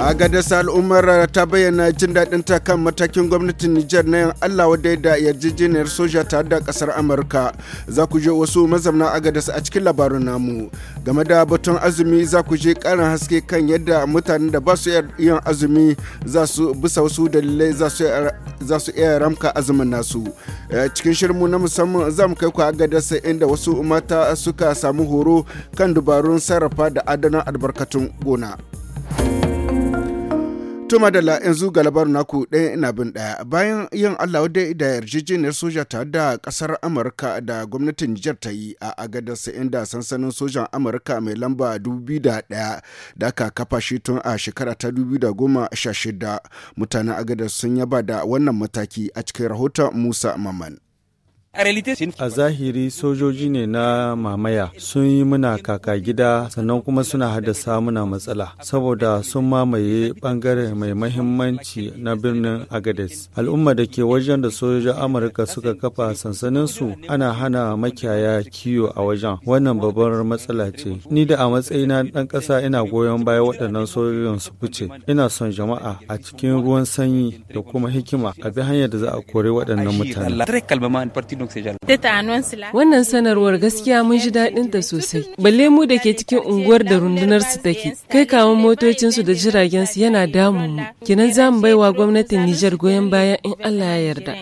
a gadasa al'ummar ta bayyana jin daɗin ta kan matakin gwamnatin nijar na yin allah wadai da yarjejeniyar soja tare da ƙasar amurka za ku je wasu mazauna agadas a cikin labarin namu game da batun azumi za ku je ƙarin haske kan yadda mutanen da ba su yin azumi za su bisa wasu dalilai za su iya ramka azumin nasu eh, cikin shirmu na musamman za mu kai ku agadas inda wasu mata suka samu horo kan dubarun sarrafa da adana albarkatun gona. Tuma da la yanzu galabar naku ɗaya ina bin ɗaya bayan yin Allah wadda da yarjejeniyar soja tare da ƙasar Amurka da gwamnatin Nijar ta yi a agadarsu inda sansanin sojan Amurka mai lamba 2001 da aka kafa shi tun a shekara ta 2016 mutanen agadar sun yaba da wannan mataki a cikin rahoton Musa Maman. A zahiri sojoji ne na mamaya sun yi muna kaka gida sannan kuma suna haddasa muna matsala saboda sun mamaye bangare mai mahimmanci na birnin Agades. Al'umma da ke wajen da sojojin Amurka suka kafa sansaninsu ana hana makiyaya kiyo a wajen. Wannan babbar matsala ce. Ni da a matsayina ɗan ƙasa ina goyon baya waɗannan sojojin su fice. Ina son jama'a a cikin ruwan sanyi da kuma hikima a bi hanyar da za a kore waɗannan mutane. Wannan sanarwar gaskiya mun ji daɗin ta sosai. Balle mu da ke cikin unguwar da rundunar su take. Kai kawon motocin su da jiragen su yana damun mu. Kinan za mu baiwa gwamnatin Nijar goyon bayan in Allah ya yarda.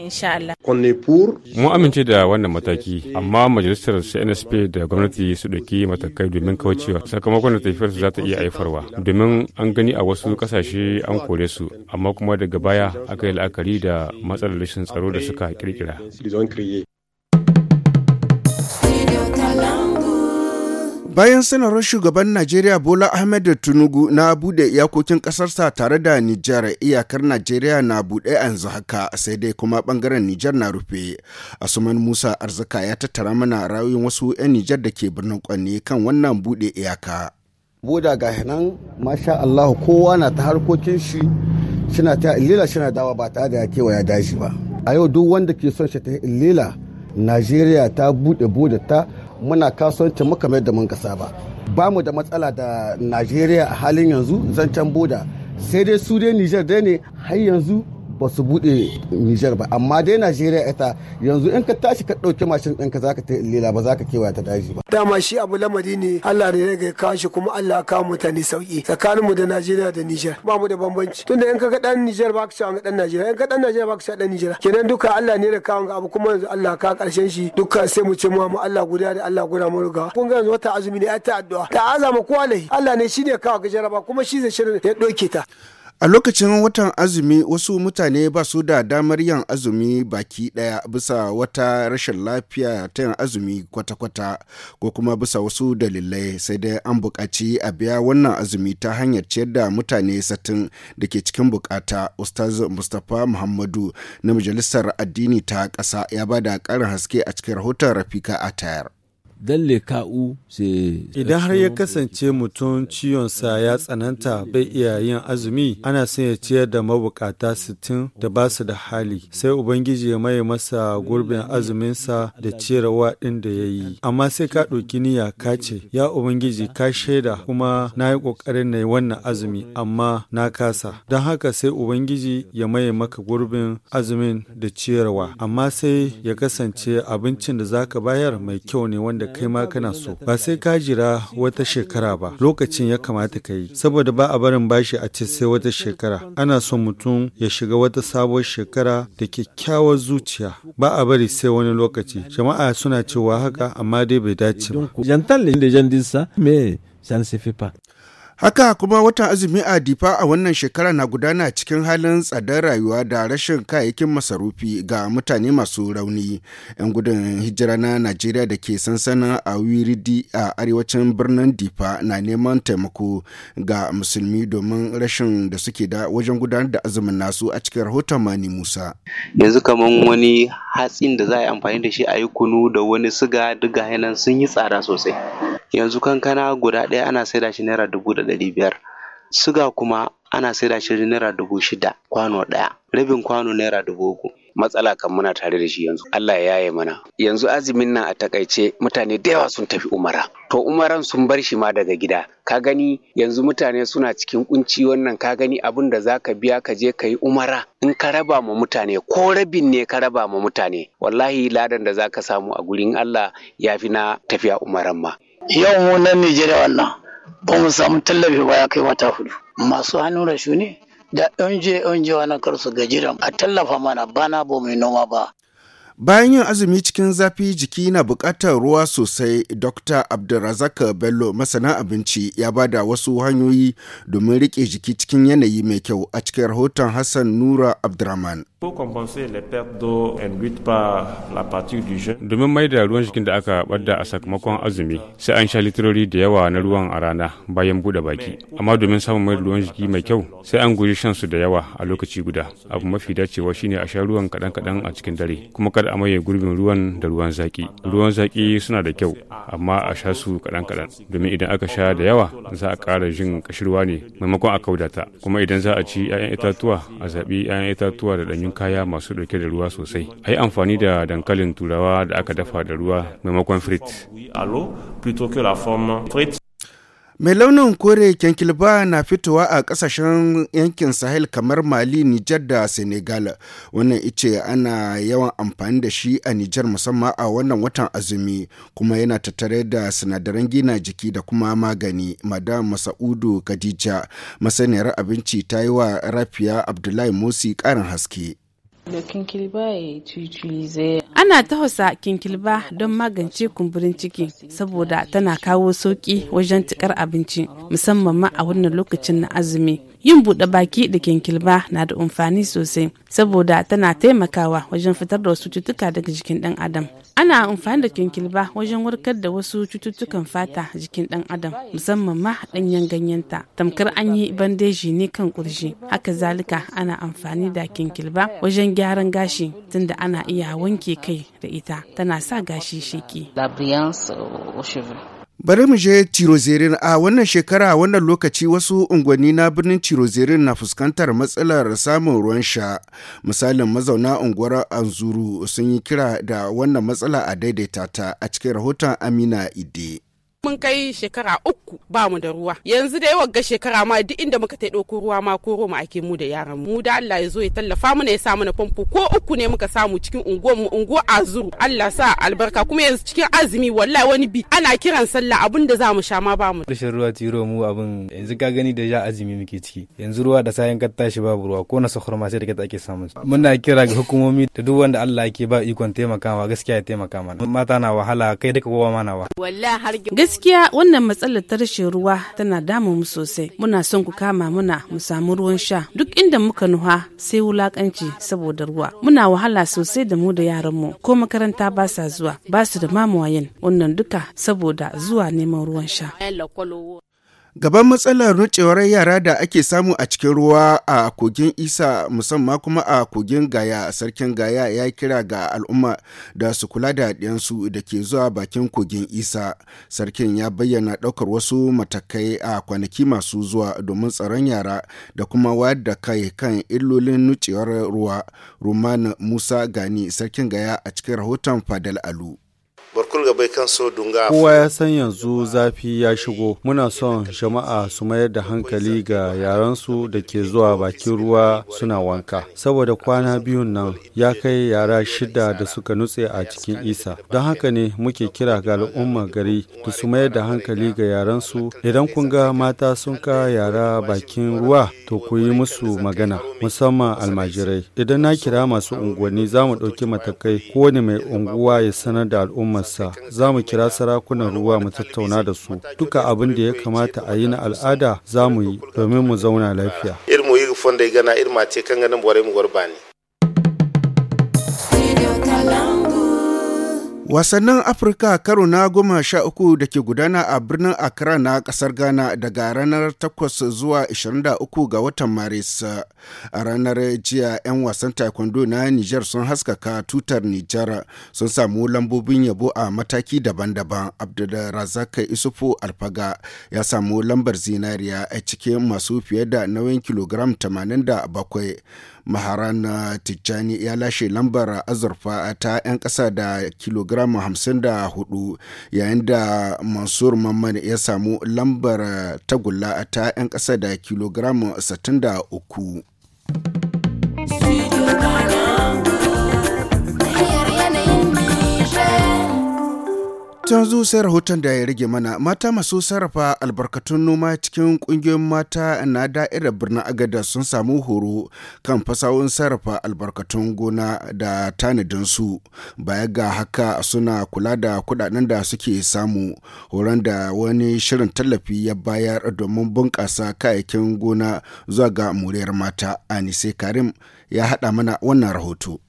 Mu amince da wannan mataki amma majalisar CNSP da gwamnati su ɗauki matakai domin kaucewa sakamakon da tafiyar su za ta iya haifarwa domin an gani a wasu kasashe an kore su amma kuma daga baya aka yi la'akari da matsalar rashin tsaro da suka kirkira. Bayan sanarwar shugaban Najeriya Bola Ahmed Tinubu na bude iyakokin kasarsa tare da Nijar iyakar Najeriya na bude yanzu haka sai dai kuma bangaren Nijar na rufe. Asuman Musa Arzika ya tattara mana rayuwar wasu 'yan Nijar da ke birnin Kwanne kan wannan bude iyaka. Boda ga nan masha allahu kowa na ta harkokin shi shina ta illila shina dawa ba tare da ya daji ba. A yau duk wanda ke son shi ta illila Najeriya ta bude boda ta muna kasuwanci muka mai da mun kasa ba ba mu da matsala da najeriya a halin yanzu zancen boda sai dai su dai nijar dai ne har yanzu ba su buɗe Nijar ba amma dai Najeriya ita yanzu in ka tashi ka ɗauki mashin ɗinka za ka ta lela ba za ka kewaya ta daji ba. Dama shi abu lamari ne Allah ne ya kashi kuma Allah ka mutane sauki tsakanin mu da Najeriya da Nijar ba mu da bambanci tunda in ka ga ɗan Nijar ba ka ci ga ɗan Najeriya in ka ɗan Najeriya ba ka sha ɗan Nijar kenan duka Allah ne da kawo abu kuma yanzu Allah ka karshen shi duka sai mu ce mu Allah guda da Allah guda mu ruga kun ga yanzu wata azumi ne ai ta addu'a ta azama Allah ne shine kawo ga jaraba kuma shi zai shirin ya doke ta. A lokacin watan azumi wasu mutane ba su da damar yin azumi baki ɗaya bisa wata rashin lafiya ta yin azumi kwata-kwata ko kuma bisa wasu dalilai sai dai an buƙaci a biya wannan azumi ta hanyar ciyar da mutane satin da ke cikin bukata. Ustaz Mustapha Muhammadu na Majalisar Addini ta ƙasa ya ba da ƙarin haske a cikin rahoton Rafika a tayar. don leka'u idan har ya kasance mutum ciwonsa ya tsananta bai iya yin azumi ana son ya ciyar da mabukata sittin da ba su da hali sai ubangiji ya maye masa gurbin azuminsa da ciyarwa ɗin da ya yi amma sai ka ɗauki niyya ka ce ya ubangiji ka shaida kuma na yi ƙoƙarin na yi wannan azumi amma na kasa don haka sai ubangiji ya maye maka gurbin azumin da ciyarwa amma sai ya kasance abincin da zaka bayar mai kyau ne wanda kai ma kana so ba sai ka jira wata shekara ba lokacin ya kamata ka yi saboda ba a barin bashi a ce sai wata shekara ana so mutum ya shiga wata sabuwar shekara da kyakkyawar zuciya ba a bari sai wani lokaci jama'a suna cewa haka amma dai bai dace ba. Haka kuma watan azumi a Difa a wannan shekara na gudana cikin halin tsadar rayuwa da rashin kayayyakin masarufi ga mutane masu rauni. 'Yan gudun hijira na Najeriya da ke sansanin a Wiridi a arewacin birnin Difa na neman taimako ga musulmi domin rashin da suke da wajen gudanar da azumin nasu a cikin rahoton Mani Musa. Yanzu kamar wani hatsin da za a yi amfani da shi a yi kunu da wani siga duk sun yi tsada sosai. yanzu kankana guda ɗaya ana saida shi naira dubu da ɗari biyar suga kuma ana saida shi naira dubu shida kwano ɗaya rabin kwano naira dubu uku matsala kan muna tare da shi yanzu Allah ya yaye mana yanzu azumin nan a takaice mutane da yawa sun tafi umara to umaran sun bar shi ma daga gida ka gani yanzu mutane suna cikin kunci wannan ka gani abin da zaka biya ka je ka yi umara in ka raba ma mutane ko rabin ne ka raba ma mutane wallahi ladan da zaka samu a gurin Allah ya fi na tafiya umaran ma yau mu nan Nijeriya wannan ba mu samu tallafi ba ya kai wata hudu. Masu hannun rashu ne da ɗanje je ɗan je gajiran a tallafa mana bana ba mai noma ba. Bayan yin azumi cikin zafi jiki na bukatar ruwa sosai, Dr. Abdulrazak Bello masana abinci ya ba da wasu hanyoyi domin riƙe jiki cikin yanayi mai kyau a cikin rahoton Hassan Nura Abdurrahman. Domin mai da ruwan jikin da aka ɓadda a sakamakon azumi, sai an sha litirori da yawa na ruwan a rana bayan buɗe baki. Amma domin samun mai ruwan jiki mai kyau, sai an guji shan su da yawa a lokaci guda. Abu mafi dacewa shine a sha ruwan kaɗan-kaɗan a cikin dare, kuma kada da gurbin ruwan da ruwan zaki ruwan zaki suna da kyau amma a sha su kadan kadan domin idan aka sha da yawa za a kara jin kashirwa ne maimakon a kaudata kuma idan za a ci 'ya'yan itatuwa a zaɓi 'ya'yan itatuwa da ɗanyun kaya masu ɗauke da ruwa sosai a yi amfani da dankalin turawa da aka dafa da ruwa maimakon frit Mai launin kore kyankilba na fitowa a kasashen yankin Sahel kamar Mali, Nijar da Senegal. Wannan ice ana yawan amfani da shi a Nijar musamman a wannan watan azumi kuma yana tattare da sinadaran gina jiki da kuma magani. Madam Masaudu Khadija masaniyar abinci ta yi wa Rafiya Abdullahi Musi ƙarin haske. Ana tafasa kinkilba don magance kumburin ciki saboda tana kawo sauƙi wajen tikar abinci musamman ma a wannan lokacin na azumi. Yin buɗe baki da kinkilba na da amfani sosai saboda tana taimakawa wajen fitar da wasu cutuka daga jikin ɗan adam. ana amfani da kyankilba wajen warkar da wasu cututtukan fata jikin dan adam musamman ma danyen ganyenta tamkar an yi bandeji ne kan kurji haka zalika ana amfani da kyankilba wajen gyaran gashi tunda ana iya wanke kai da ita tana sa gashi sheki Bari mu je Tirozerin a wannan shekara wannan lokaci wasu unguwanni na birnin Tirozerin na fuskantar matsalar samun ruwan sha. Misalin mazauna unguwar Anzuru sun yi kira da wannan matsala a daidaita ta a cikin rahoton Amina Ide. mun kai shekara uku ba mu da ruwa yanzu da yawan ga shekara ma duk inda muka tai ɗauko ruwa ma ko roma ake mu da yaran mu da Allah ya zo ya tallafa mana ya sa mana famfo ko uku ne muka samu cikin unguwar mu unguwar azuru Allah sa albarka kuma yanzu cikin azumi wallahi wani bi ana kiran sallah abun da za mu sha ma ba mu rashin ruwa tiro mu abin yanzu ka gani da ja azumi muke ciki yanzu ruwa da sayan kan tashi babu ruwa ko na sahur ma sai da kake samu muna kira ga hukumomi da duk wanda Allah yake ba ikon taimakawa gaskiya ya taimaka mana mata na wahala kai duka kowa ma na wallahi har Gaskiya wannan matsalar ta rashin ruwa tana damu mu sosai. Muna son ku kama muna mu samu ruwan sha. Duk inda muka nuha sai wulakanci saboda ruwa. Muna wahala sosai da mu da yaran mu ko makaranta ba sa zuwa ba su da mamayen wannan duka saboda zuwa neman ruwan sha. Gaban matsalar rucewar yara da ake samu a cikin ruwa a kogin Isa musamman kuma a kogin Gaya, sarkin Gaya ya kira ga al'umma da su kula da ɗiyansu da ke zuwa bakin kogin Isa. Sarkin ya bayyana ɗaukar wasu matakai a kwanaki masu zuwa domin tsaron yara da kuma wayar da kai kan illolin nucewar ruwa. Rumana Musa Gani, sarkin Gaya a cikin rahoton Fadal Alu. kan Kowa ya san yanzu zafi ya shigo. Muna son jama'a su mayar da hankali ga yaransu da ke zuwa bakin ruwa suna wanka. Saboda kwana biyun nan ya kai yara shida da suka nutse a cikin isa. Don haka ne muke kira ga al'umma gari da su mayar da hankali ga yaransu. Idan kun ga mata sun ka yara bakin ruwa to ku yi musu magana musamman almajirai. Idan na kira masu unguwanni za mu ɗauki matakai kowane mai unguwa ya sanar da al'umma al'ummarsa za mu kira sarakunan ruwa mu tattauna da su duka abin da ya kamata a yi na al'ada za mu yi domin mu zauna lafiya. irmu yi fonda gana irma ce kan ganin bore mu ne Wasannin Afirka karo na goma sha uku da ke gudana a birnin Accra na kasar Ghana daga ranar 8 zuwa 23 ga watan Maris. A ranar jiya 'yan wasan taekwondo na Nijar sun haskaka tutar Nijar sun samu lambobin yabo a mataki daban-daban. Abdulrazak Isufu Alfaga ya samu lambar zinariya a cikin masu fiye da nauyin kilogram 87. maharana tijjani ya lashe lambar azurfa ta 'yan kasa da kilogram 54 yayin da mansur mamman ya samu lambar tagulla ta 'yan kasa da kilogram 63 ta zuwa sai rahoton da ya rage mana mata masu sarrafa albarkatun noma cikin kungiyoyin mata na da'irar birnin agada sun samu horo kan fasahun sarrafa albarkatun gona da tanadinsu baya ga haka suna kula da kudaden da suke samu horon da wani shirin tallafi ya bayar domin bunƙasa kayayyakin gona zuwa ga muriyar mata anise karim ya haɗa mana wannan rahoto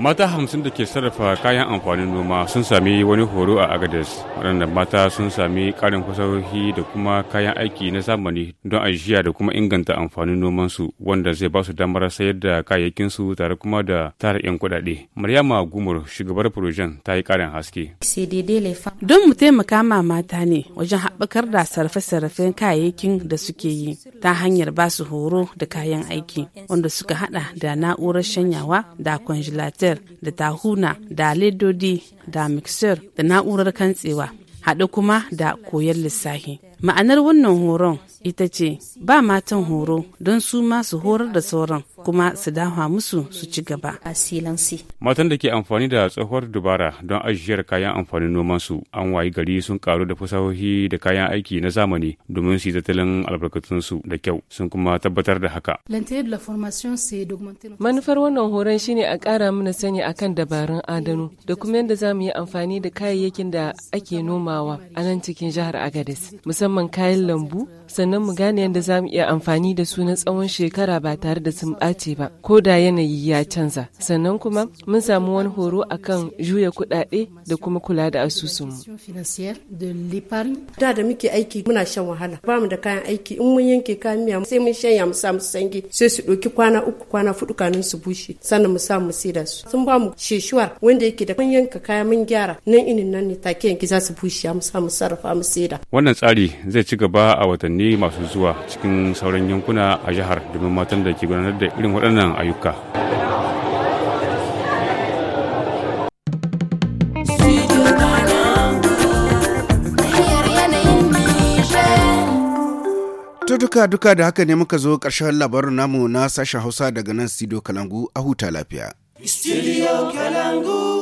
mata hamsin da ke sarrafa kayan amfanin noma sun sami wani horo a agades waɗanda mata sun sami ƙarin fasahohi da kuma kayan aiki na zamani don ajiya da kuma inganta amfanin nomansu wanda zai ba su damar sayar da kayayyakinsu tare kuma da tara 'yan kuɗaɗe maryama gumur shugabar projen ta yi ƙarin haske don mu taimaka ma mata ne wajen haɓakar da sarrafe-sarrafen kayayyakin da suke yi ta hanyar ba su horo da kayan aiki wanda suka haɗa da na'urar shanyawa da kwanjilati pastel da tahuna da ledodi da mixer da na'urar kantsewa haɗe kuma da koyar lissafi. Ma'anar wannan horon ita ce ba matan horo don su ma su horar da sauran kuma su dawa musu su ci gaba. Matan da ke amfani da tsohuwar dubara don ajiyar kayan amfanin noman su an wayi gari sun karu da fasahohi da kayan aiki na zamani domin su yi tattalin albarkatunsu da kyau sun kuma tabbatar da haka. Manufar wannan horon shine a ƙara mana sani akan dabarun adano da kuma yadda za mu yi amfani da kayayyakin da ake nomawa a nan cikin jihar Agadez musamman kayan lambu sannan mu gane yadda za mu iya amfani da su na tsawon shekara ba tare da sun ɓaci ba ko da yanayi ya canza sannan kuma mun samu wani horo akan juya kuɗaɗe da kuma kula da asusunmu da da muke aiki muna shan wahala ba mu da kayan aiki in mun yanke kayan miya sai mun shanya mu samu sange sai su ɗauki kwana uku kwana fudu kanin su bushe sannan mu sa mu saida su sun ba mu sheshuwar wanda yake da mun yanka kaya mun gyara nan inin nan ne take yanki za su bushe mu sa mu sarrafa mu saida wannan tsari zai ci gaba a watanni masu zuwa cikin sauran yankuna a jihar domin matan da ke gudanar da irin waɗannan ayyuka. duka duka da haka ne muka zo ƙarshen labarin namu na sashen Hausa daga nan Sido Kalangu a huta lafiya. Studio Kalangu.